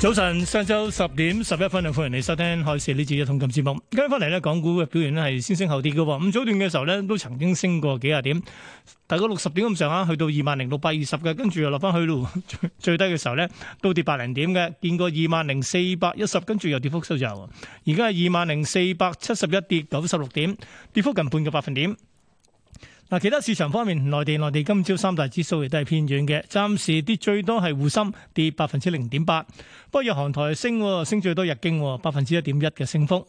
早晨，上晝十點十一分啊，歡迎嚟收聽《開市呢字一通》金節目。今日翻嚟咧，港股嘅表現咧係先升後跌嘅。咁早段嘅時候咧，都曾經升過幾十點，大概六十點咁上下，去到二萬零六百二十嘅，跟住又落翻去咯。最低嘅時候咧，都跌百零點嘅，見過二萬零四百一十，跟住又跌幅收窄。而家係二萬零四百七十一，跌九十六點，跌幅近半個百分點。嗱，其他市場方面，內地內地今朝三大指數亦都係偏軟嘅，暫時跌最多係滬深跌百分之零點八，不過日韓台升，升最多日經百分之一點一嘅升幅。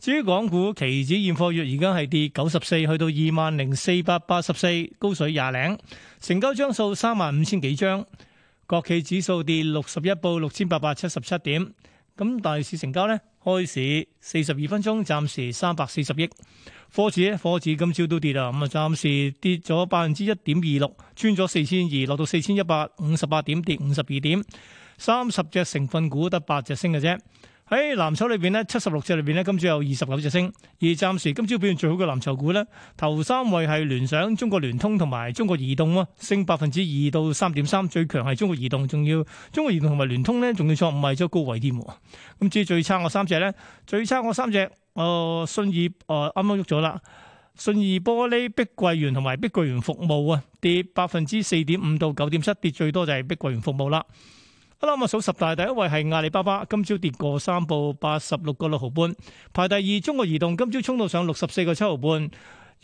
至於港股期指現貨月而家係跌九十四，去到二萬零四百八十四，高水廿零，成交張數三萬五千幾張，國企指數跌六十一，報六千八百七十七點。咁大市成交呢，開市四十二分鐘，暫時三百四十億。科指咧，科指今朝都跌啦，咁啊，暫時跌咗百分之一點二六，穿咗四千二，落到四千一百五十八點，跌五十二點，三十隻成分股得八隻升嘅啫。喺藍籌裏邊咧，七十六隻裏邊咧，今朝有二十九隻升，而暫時今朝表現最好嘅藍籌股咧，頭三位係聯想、中國聯通同埋中國移動咯，升百分之二到三點三，最強係中國移動，仲要中國移動同埋聯通咧，仲要創五日咗高位添。咁至於最差嗰三隻咧，最差三隻嗰三隻，誒，信義誒，啱啱喐咗啦，信義玻璃、碧桂園同埋碧桂園服務啊，跌百分之四點五到九點七，跌最多就係碧桂園服務啦。我數十大，第一位係阿里巴巴，今朝跌過三部，八十六個六毫半。排第二，中國移動，今朝衝到上六十四個七毫半。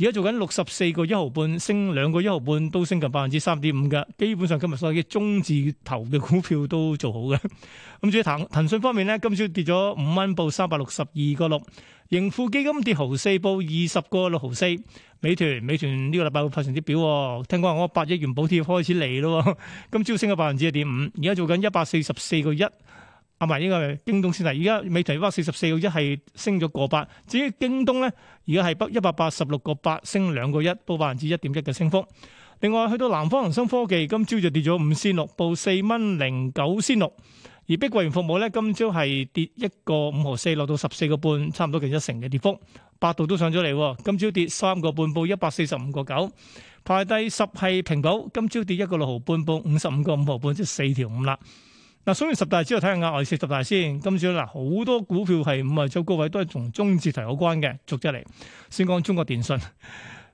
而家做緊六十四個一毫半，升兩個一毫半都升近百分之三點五嘅。基本上今日所有嘅中字頭嘅股票都做好嘅。咁至於騰騰訊方面咧，今朝跌咗五蚊，報三百六十二個六。盈富基金跌毫四，報二十個六毫四。美團，美團呢個禮拜會派成啲表，聽講話我八億元補貼開始嚟咯。今朝升咗百分之一點五，而家做緊一百四十四個一。阿埋依個京東先啦，而家美團一百四十四個一係升咗個八，至於京東咧，而家係報一百八十六個八，升兩個一，報百分之一點一嘅升幅。另外去到南方恒生科技，今朝就跌咗五先六，報四蚊零九先六。而碧桂園服務咧，今朝係跌一個五毫四，落到十四個半，差唔多其一成嘅跌幅。百度都上咗嚟，今朝跌三個半，報一百四十五個九。排第十係平保，今朝跌一個六毫半，報五十五個五毫半，即四條五啦。嗱，所以十大之後我睇下外市十大先，今朝嗱好多股票係五十周高位，都係同中字頭有關嘅，逐隻嚟。先講中國電信，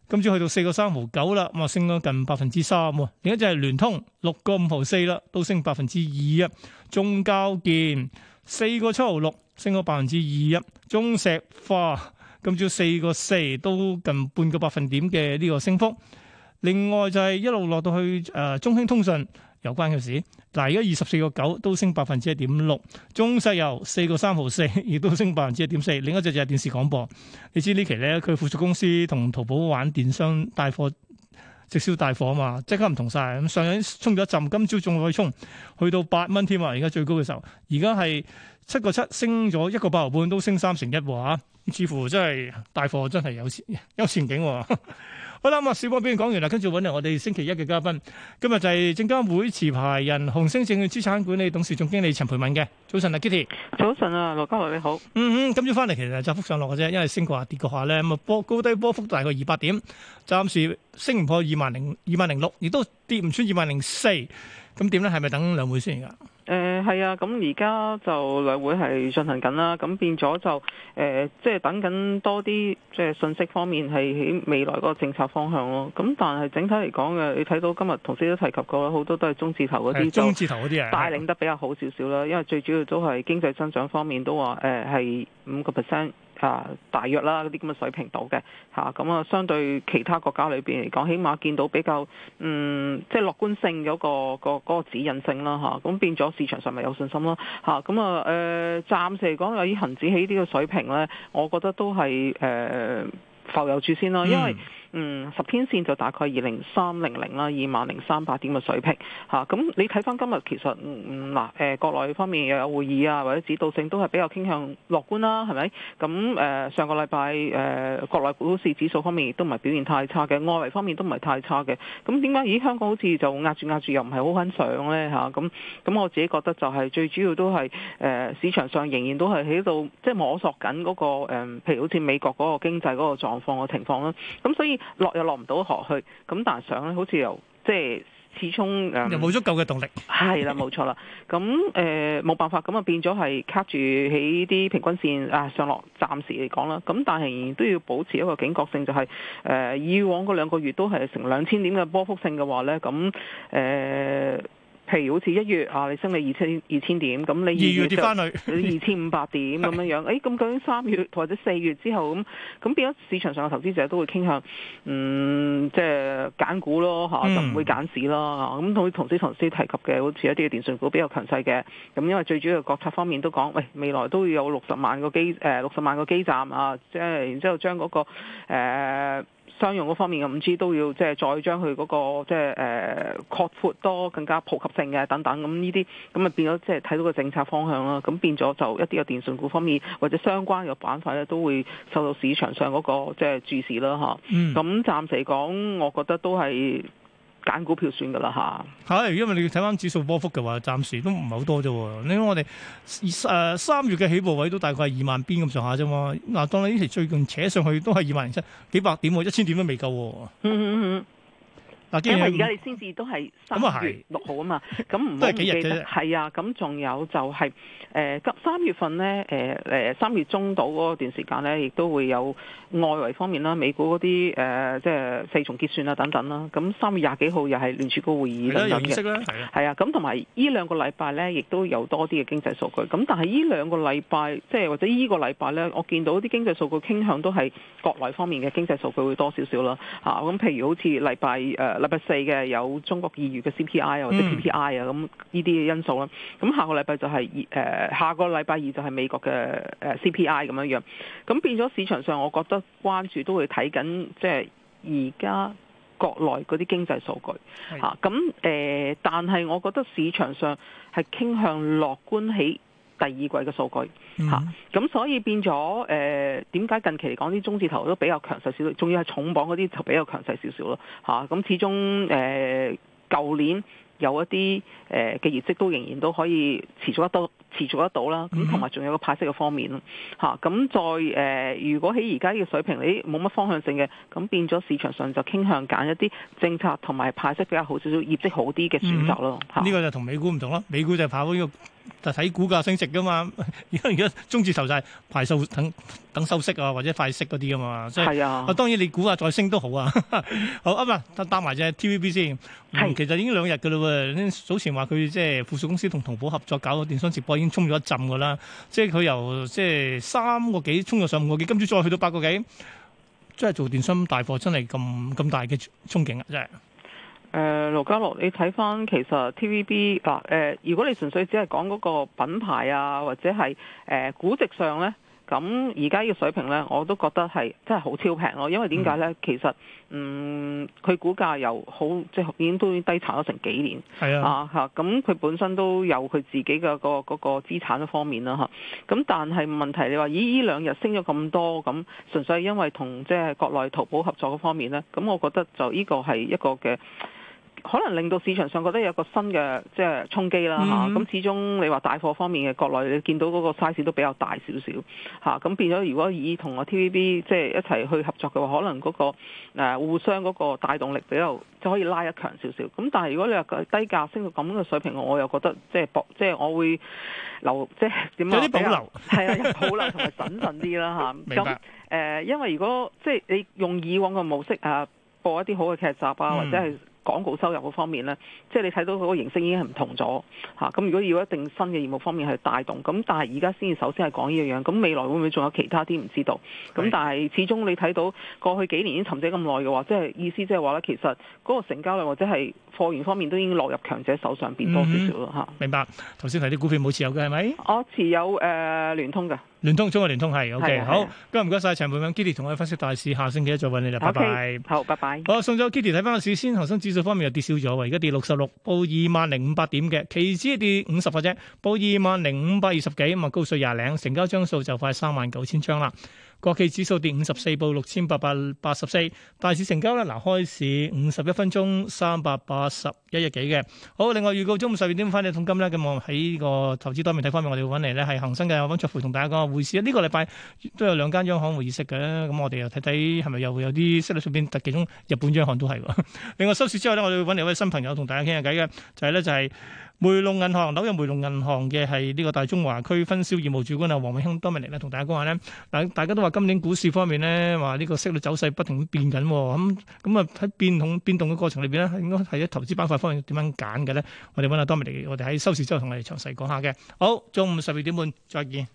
今朝去到四個三毫九啦，咁啊升咗近百分之三，另一隻係聯通六個五毫四啦，都升百分之二啊。中交建四個七毫六，升咗百分之二一。中石化今朝四個四，都近半個百分點嘅呢個升幅。另外就係一路落到去誒中興通訊有關嘅事。嗱，而家二十四個九都升百分之一點六，中石油四個三毫四，亦都升百分之一點四。另一隻就係電視廣播，你知呢期咧，佢附屬公司同淘寶玩電商帶貨直銷帶貨啊嘛，即刻唔同晒。咁上一衝咗一陣，今朝仲可以衝去到八蚊添喎，而家最高嘅時候 7. 7。而家係七個七升咗一個八毫半，都升三成一喎嚇。啊、似乎真係帶貨真係有有前景喎、啊。好啦，咁啊，小波表演講完啦，跟住揾嚟我哋星期一嘅嘉賓，今日就係證監會持牌人、紅星證券資產管理董事總經理陳蓓敏嘅。早晨啊，Kitty，早晨啊，羅嘉華你好。嗯嗯，今朝翻嚟其實窄幅上落嘅啫，因為升過下跌，跌過下咧，咁啊波高低波幅大概二百點，暫時升唔破二萬零二萬零六，亦都跌唔出二萬零四。咁點咧？係咪等兩會先㗎？誒係、嗯、啊，咁而家就兩會係進行緊啦，咁變咗就誒、呃，即係等緊多啲即係信息方面係喺未來嗰個政策方向咯。咁但係整體嚟講嘅，你睇到今日同事都提及過，好多都係中字頭嗰啲中字頭嗰啲啊，帶領得比較好少少啦。啊、因為最主要都係經濟增長方面都話誒係五個 percent。呃嚇、啊、大約啦，嗰啲咁嘅水平度嘅嚇，咁啊，啊，相對其他國家裏邊嚟講，起碼見到比較嗯，即係樂觀性嗰、那個、那個那個指引性啦嚇，咁、啊啊、變咗市場上咪有信心咯嚇，咁啊誒、啊呃，暫時嚟講，又以恒指起呢個水平咧，我覺得都係誒、呃、浮有住先咯，因為，嗯嗯，十天線就大概二零三零零啦，二萬零三百點嘅水平吓。咁、啊、你睇翻今日其實嗯，嗱、呃、誒，國內方面又有會議啊，或者指導性都係比較傾向樂觀啦、啊，係咪？咁誒、呃，上個禮拜誒，國內股市指數方面亦都唔係表現太差嘅，外圍方面都唔係太差嘅。咁點解咦香港好似就壓住壓住又唔係好肯上咧吓，咁、啊、咁我自己覺得就係最主要都係誒、呃、市場上仍然都係喺度即係摸索緊嗰、嗰個誒，譬、嗯、如好似美國嗰個經濟嗰個狀況嘅情況啦。咁、啊、所以。落又落唔到河去，咁但係上咧好似、呃、又即係始終誒，又冇足夠嘅動力。 係啦，冇錯啦。咁誒冇辦法，咁啊變咗係卡住喺啲平均線啊上落，暫時嚟講啦。咁但係仍然都要保持一個警覺性，就係、是、誒、呃、以往嗰兩個月都係成兩千點嘅波幅性嘅話咧，咁誒。呃譬如好似一月啊，你升你二千二千點，咁你月二月跌翻去二千五百點咁樣樣，誒咁、 哎、究竟三月或者四月之後咁，咁變咗市場上嘅投資者都會傾向，嗯，即係揀股咯嚇、啊，就唔會揀市啦。咁、啊、同時同啲同事提及嘅，好似一啲嘅電信股比較強勢嘅，咁因為最主要嘅國策方面都講，喂，未來都會有六十萬個基誒六十萬個基站啊，即、就、係、是、然之後將嗰、那個、呃商用嗰方面嘅五 G 都要即係再將佢嗰個即係誒擴闊多更加普及性嘅等等，咁呢啲咁啊變咗即係睇到個政策方向啦，咁變咗就一啲嘅電信股方面或者相關嘅板塊咧都會受到市場上嗰個即係注視啦，吓，咁暫時嚟講我覺得都係。揀股票算㗎喇嚇，嚇、啊！因為你要睇返指數波幅嘅話，暫時都唔係好多啫喎。你我哋二誒三月嘅起步位都大概係二萬邊咁上下啫嘛。嗱，當你呢期最近扯上去都係二萬零七幾百點，一千點都未夠、啊。 因為而家你先至都係三月六號啊嘛，咁唔是都係幾日嘅係啊，咁仲有就係、是、誒、呃、三月份咧，誒、呃、誒三月中到嗰段時間咧，亦都會有外圍方面啦，美股嗰啲誒即係四重結算啊等等啦。咁三月廿幾號又係聯儲局會議等等嘅。認係啊，係咁同埋依兩個禮拜咧，亦都有多啲嘅經濟數據。咁但係依兩個禮拜，即係或者依個禮拜咧，我見到啲經濟數據傾向都係國內方面嘅經濟數據會多少少啦。嚇、啊，咁譬如好似禮拜誒。呃呃第、嗯、四嘅有中國二月嘅 CPI 啊或者 PPI 啊咁呢啲因素啦，咁下個禮拜就係、是、二、呃、下個禮拜二就係美國嘅誒 CPI 咁樣樣，咁變咗市場上，我覺得關注都會睇緊即係而家國內嗰啲經濟數據啊，咁誒、呃，但係我覺得市場上係傾向樂觀起。第二季嘅數據吓，咁、mm hmm. 啊、所以變咗誒，點、呃、解近期嚟講啲中字頭都比較強勢少少，仲要係重磅嗰啲就比較強勢少少咯吓，咁、啊、始終誒舊年有一啲誒嘅業績都仍然都可以持續得多。持續得到啦，咁同埋仲有個派息嘅方面咯，嚇、啊、咁再誒、呃，如果喺而家呢個水平，你冇乜方向性嘅，咁、啊、變咗市場上就傾向揀一啲政策同埋派息比較好少少、業績好啲嘅選擇咯。呢、啊嗯這個就同美股唔同咯，美股就跑呢、這個就睇股價升值㗎嘛。而家而家中字頭就係派息等等收息啊，或者快息嗰啲㗎嘛。係啊，啊。當然你估下再升都好啊。 好啊嘛，搭埋隻 TVB 先。嗯、是其實已經兩日㗎啦喎，早前話佢即係附屬公司同淘寶合作，作搞電商直播沖咗一陣噶啦，即係佢由即係三個幾沖咗上五個幾，今朝再去到八個幾，真係做電商大貨真係咁咁大嘅憧憬啊！真係。誒、呃，盧家樂，你睇翻其實 T V B 嗱，誒，如果你純粹只係講嗰個品牌啊，或者係誒估值上咧？咁而家呢個水平呢，我都覺得係真係好超平咯。因為點解呢？其實，嗯，佢股價又好，即係已經都低產咗成幾年。係、嗯、啊，啊咁佢本身都有佢自己嘅嗰嗰個資產方面啦，嚇、啊。咁但係問題你話，咦？呢兩日升咗咁多，咁純粹係因為同即係國內淘寶合作嘅方面呢。咁我覺得就呢個係一個嘅。可能令到市場上覺得有個新嘅即係衝擊啦嚇，咁、嗯、始終你話大貨方面嘅國內你見到嗰個 size 都比較大少少嚇，咁、啊、變咗如果以同個 TVB 即係一齊去合作嘅話，可能嗰、嗰個、呃、互相嗰個帶動力比較就可以拉得強一強少少。咁但係如果你話低價升到咁嘅水平，我又覺得即係博，即係我會留，即係點啊？樣保留，係較 啊，保留同埋謹慎啲啦嚇。陣陣陣啊、明白、呃。因為如果即係你用以往嘅模式啊，播一啲好嘅劇集啊，或者係。廣告收入嗰方面呢，即係你睇到佢個形式已經係唔同咗嚇。咁如果要一定新嘅業務方面去帶動，咁但係而家先至首先係講呢樣樣。咁未來會唔會仲有其他啲唔知道？咁是但係始終你睇到過去幾年已經沉積咁耐嘅話，即係意思即係話呢，其實嗰個成交量或者係貨源方面都已經落入強者手上，變多少少咯。明白。頭先提啲股票冇持有嘅係咪？我持有誒、呃、聯通嘅。聯通中國聯通係，OK 的好，今日唔該晒陳蓓敏，Kitty 同我哋分析大市，下星期一再揾你啦，拜拜。好，拜拜。好，送咗 Kitty 睇翻個市先，恒生指數方面又跌少咗，而家跌六十六，報二萬零五百點嘅，期指跌五十個啫，報二萬零五百二十幾，咁高水廿零，成交張數就快三萬九千張啦。國企指數跌五十四，報六千八百八十四。大市成交咧，嗱，開市五十一分鐘三百八十一億幾嘅。好，另外預告中午十二點翻嚟，通金咧，咁我喺呢個投資多面睇方面，我哋會搵嚟咧係恒生嘅温灼培同大家講下匯市。呢個禮拜都有兩間央行會議息嘅，咁我哋又睇睇係咪又會有啲息率上邊特，其中日本央行都係。另外收市之後咧，我哋會搵嚟一位新朋友同大家傾下偈嘅，就係咧就係。梅隆銀行，紐約梅隆銀行嘅係呢個大中華區分銷業務主管啊，黃永興多米力咧同大家講下咧，嗱，大家都話今年股市方面咧，話呢個息率走勢不停變緊，咁咁啊喺變動變動嘅過程裏邊咧，應該係喺投資板塊方面點樣揀嘅咧？我哋揾阿多米力，我哋喺收市之後同你詳細講下嘅。好，中午十二點半再見。